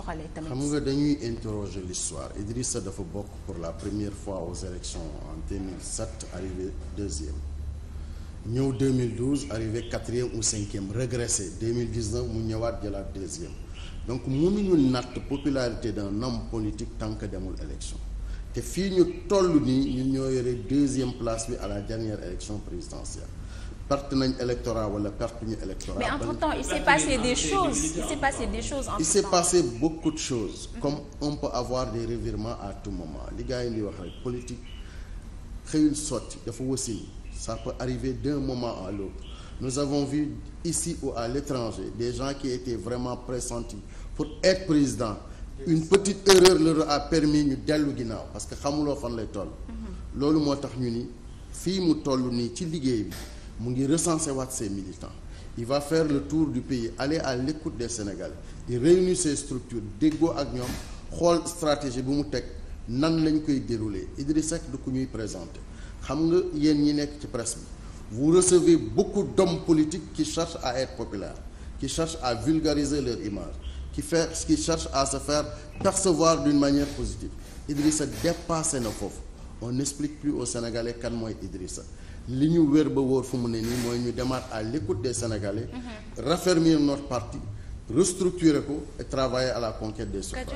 doxalee tamit. xam nga dañuy interroger l'histoire Idrissa dafa bokk pour la première fois aux élections en 2007 arrivé deuxième ñëw 2012 arrivé quatrième ou cinquième régressé 2019 mu ñëwaat jëlaat deuxième donc mënuñu natt popularité d'un homme politique tant que demul élection te fii ñu toll nii ñu ñoo yore deuxième place bi à la dernière élection présidentielle perte nañ électorat wala perte ñu électorat. mais entre temps il s'est passé des choses il s'est passé des beaucoup de choses. Mm-hmm. comme on peut avoir des revirements à tout moment li gars wax rek politique xëyul sotti dafa wasin ça peut arriver d'un moment à l'autre nous avons vu ici ou à l'étranger des gens qui étaient vraiment pressentis pour être président une petite erreur leur a permis ñu dellu ginnaaw parce que xamuloo fan lay toll. Mm-hmm. loolu moo tax ñu ni fii mu toll nii ci liggéey bi. mu ngi recenser waat ses militants il va faire le tour du pays aller à l'écoute des Sénégalais di réunir ses structures déggoo ak ñoom xool stratégie bu mu teg nan lañ koy dérouler Idrissa Seck du ku ñuy présenter xam nga yéen ñi nekk ci presse bi vous recevez beaucoup d'hommes politiques qui cherchent à être populaires qui cherchent à vulgariser leur image qui fait qui cherchent à se faire percevoir d'une manière positive Idrissa dépassé na foofu on n'explique plus aux Sénégalais kan mooy Idrissa li ñu wér ba wóor fu mu ne nii mooy ñu demaat à l'écoute des Sénégalais. Mhm. raffermir notre parti restructurer ko et travailler à la conquête des suffrages.